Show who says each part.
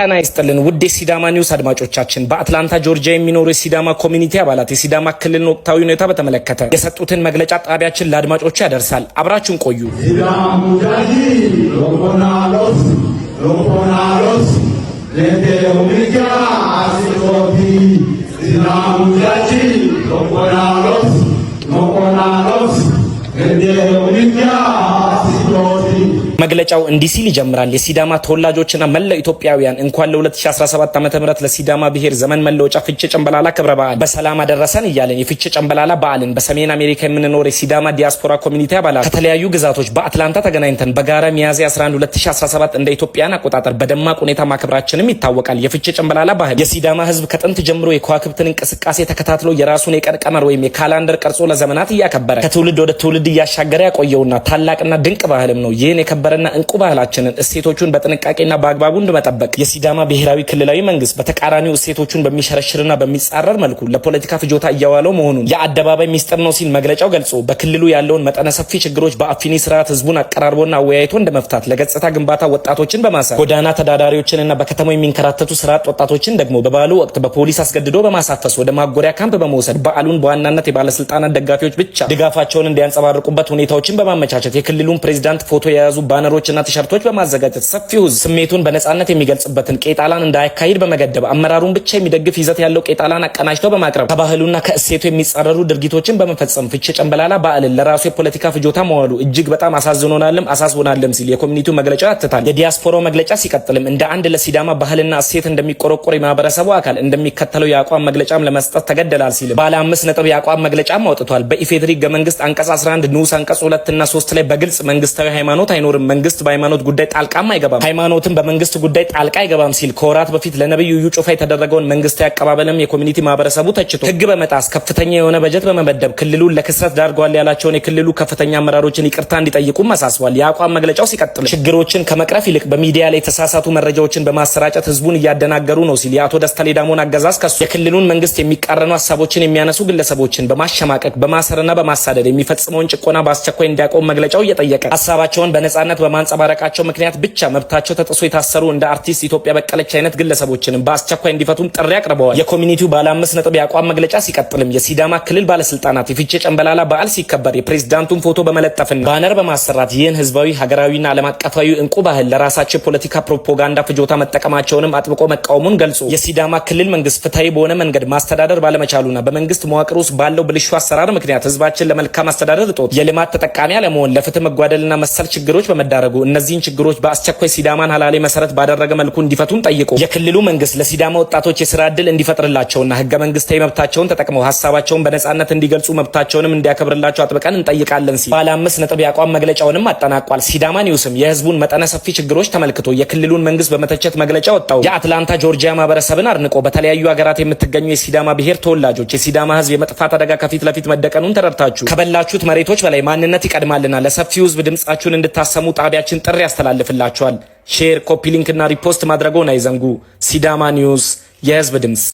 Speaker 1: ጤና ይስጥልን ውድ የሲዳማ ኒውስ አድማጮቻችን በአትላንታ ጆርጂያ የሚኖሩ የሲዳማ ኮሚኒቲ አባላት የሲዳማ ክልልን ወቅታዊ ሁኔታ በተመለከተ የሰጡትን መግለጫ ጣቢያችን ለአድማጮቹ ያደርሳል። አብራችሁን ቆዩ።
Speaker 2: ሎኮናሎስ ሌቴ
Speaker 1: መግለጫው እንዲህ ሲል ይጀምራል። የሲዳማ ተወላጆችና መላው ኢትዮጵያውያን እንኳን ለ2017 ዓ ም ለሲዳማ ብሔር ዘመን መለወጫ ፍቼ ጨምበላላ ክብረ በዓል በሰላም አደረሰን እያለን የፍቼ ጨምበላላ በዓልን በሰሜን አሜሪካ የምንኖር የሲዳማ ዲያስፖራ ኮሚኒቲ አባላት ከተለያዩ ግዛቶች በአትላንታ ተገናኝተን በጋራ ሚያዝያ 11 2017 እንደ ኢትዮጵያን አቆጣጠር በደማቅ ሁኔታ ማክብራችንም ይታወቃል። የፍቼ ጨምበላላ ባህል የሲዳማ ህዝብ ከጥንት ጀምሮ የከዋክብትን እንቅስቃሴ ተከታትሎ የራሱን የቀን ቀመር ወይም የካላንደር ቀርጾ ለዘመናት እያከበረ ከትውልድ ወደ ትውልድ እያሻገረ ያቆየውና ታላቅና ድንቅ ባህልም ነው። ይህን የከበረ የተከበረና እንቁ ባህላችንን እሴቶቹን በጥንቃቄና በአግባቡ እንድመጠበቅ የሲዳማ ብሔራዊ ክልላዊ መንግስት በተቃራኒው እሴቶቹን በሚሸረሽርና በሚጻረር መልኩ ለፖለቲካ ፍጆታ እያዋለው መሆኑን የአደባባይ ሚስጥር ነው ሲል መግለጫው ገልጾ በክልሉ ያለውን መጠነ ሰፊ ችግሮች በአፊኒ ስርዓት ህዝቡን አቀራርቦና አወያይቶ እንደመፍታት ለገጽታ ግንባታ ወጣቶችን በማሰር ጎዳና ተዳዳሪዎችንና በከተማው የሚንከራተቱ ስርዓት ወጣቶችን ደግሞ በበዓሉ ወቅት በፖሊስ አስገድዶ በማሳፈስ ወደ ማጎሪያ ካምፕ በመውሰድ በዓሉን በዋናነት የባለስልጣናት ደጋፊዎች ብቻ ድጋፋቸውን እንዲያንጸባርቁበት ሁኔታዎችን በማመቻቸት የክልሉን ፕሬዚዳንት ፎቶ የያዙ ባነ እና ቲሸርቶች በማዘጋጀት ሰፊው ህዝብ ስሜቱን በነጻነት የሚገልጽበትን ቄጣላን እንዳያካሂድ በመገደብ አመራሩን ብቻ የሚደግፍ ይዘት ያለው ቄጣላን አቀናጅተው በማቅረብ ከባህሉና ከእሴቱ የሚጻረሩ ድርጊቶችን በመፈጸም ፍቼ ጨንበላላ በዓልን ለራሱ የፖለቲካ ፍጆታ መዋሉ እጅግ በጣም አሳዝኖናልም አሳስቦናልም ሲል የኮሚኒቲው መግለጫ ያትታል። የዲያስፖራው መግለጫ ሲቀጥልም እንደ አንድ ለሲዳማ ባህልና እሴት እንደሚቆረቆር የማህበረሰቡ አካል እንደሚከተለው የአቋም መግለጫም ለመስጠት ተገደላል ሲል ባለ አምስት ነጥብ የአቋም መግለጫም አውጥቷል። በኢፌዴሪ ህገ መንግስት አንቀጽ 11 ንዑስ አንቀጽ ሁለትና 3 ላይ በግልጽ መንግስታዊ ሃይማኖት አይኖርም መንግስት በሃይማኖት ጉዳይ ጣልቃም አይገባም፣ ሃይማኖትም በመንግስት ጉዳይ ጣልቃ አይገባም ሲል ከወራት በፊት ለነብዩ እዩ ጩፋ የተደረገውን መንግስታዊ አቀባበልም የኮሚኒቲ ማህበረሰቡ ተችቶ ህግ በመጣስ ከፍተኛ የሆነ በጀት በመመደብ ክልሉን ለክስረት ዳርገዋል ያላቸውን የክልሉ ከፍተኛ አመራሮችን ይቅርታ እንዲጠይቁም አሳስቧል። የአቋም መግለጫው ሲቀጥል ችግሮችን ከመቅረፍ ይልቅ በሚዲያ ላይ የተሳሳቱ መረጃዎችን በማሰራጨት ህዝቡን እያደናገሩ ነው ሲል የአቶ ደስታ ሌዳሞን አገዛዝ ከሱ የክልሉን መንግስት የሚቃረኑ ሀሳቦችን የሚያነሱ ግለሰቦችን በማሸማቀቅ በማሰርና በማሳደድ የሚፈጽመውን ጭቆና በአስቸኳይ እንዲያቆም መግለጫው እየጠየቀ ሀሳባቸውን በነጻነት በማንጸባረቃቸው ምክንያት ብቻ መብታቸው ተጥሶ የታሰሩ እንደ አርቲስት ኢትዮጵያ በቀለች አይነት ግለሰቦችንም በአስቸኳይ እንዲፈቱም ጥሪ አቅርበዋል። የኮሚኒቲው ባለ አምስት ነጥብ የአቋም መግለጫ ሲቀጥልም የሲዳማ ክልል ባለስልጣናት የፊቼ ጨንበላላ በዓል ሲከበር የፕሬዝዳንቱን ፎቶ በመለጠፍና ባነር በማሰራት ይህን ህዝባዊ ሀገራዊና ዓለም አቀፋዊ እንቁ ባህል ለራሳቸው የፖለቲካ ፕሮፓጋንዳ ፍጆታ መጠቀማቸውንም አጥብቆ መቃወሙን ገልጾ የሲዳማ ክልል መንግስት ፍትሐዊ በሆነ መንገድ ማስተዳደር ባለመቻሉና በመንግስት መዋቅር ውስጥ ባለው ብልሹ አሰራር ምክንያት ህዝባችን ለመልካም አስተዳደር እጦት የልማት ተጠቃሚ አለመሆን ለፍትህ መጓደልና መሰል ችግሮች በመዳ እንዲያደርጉ እነዚህን ችግሮች በአስቸኳይ ሲዳማን ሀላሌ መሰረት ባደረገ መልኩ እንዲፈቱን ጠይቆ የክልሉ መንግስት ለሲዳማ ወጣቶች የስራ እድል እንዲፈጥርላቸውና ህገ መንግስታዊ መብታቸውን ተጠቅመው ሀሳባቸውን በነጻነት እንዲገልጹ መብታቸውንም እንዲያከብርላቸው አጥብቀን እንጠይቃለን ሲል ባለ አምስት ነጥብ የአቋም መግለጫውንም አጠናቋል። ሲዳማ ኒውስም የህዝቡን መጠነ ሰፊ ችግሮች ተመልክቶ የክልሉን መንግስት በመተቸት መግለጫ ወጣው። የአትላንታ ጆርጂያ ማህበረሰብን አድንቆ በተለያዩ ሀገራት የምትገኙ የሲዳማ ብሔር ተወላጆች የሲዳማ ህዝብ የመጥፋት አደጋ ከፊት ለፊት መደቀኑን ተረድታችሁ ከበላችሁት መሬቶች በላይ ማንነት ይቀድማልና ለሰፊው ህዝብ ድምጻችሁን እንድታሰሙ ጣቢያችን ጥሪ ያስተላልፍላችኋል። ሼር፣ ኮፒ ሊንክና ሪፖስት ማድረጎን አይዘንጉ። ሲዳማ ኒውስ የህዝብ ድምፅ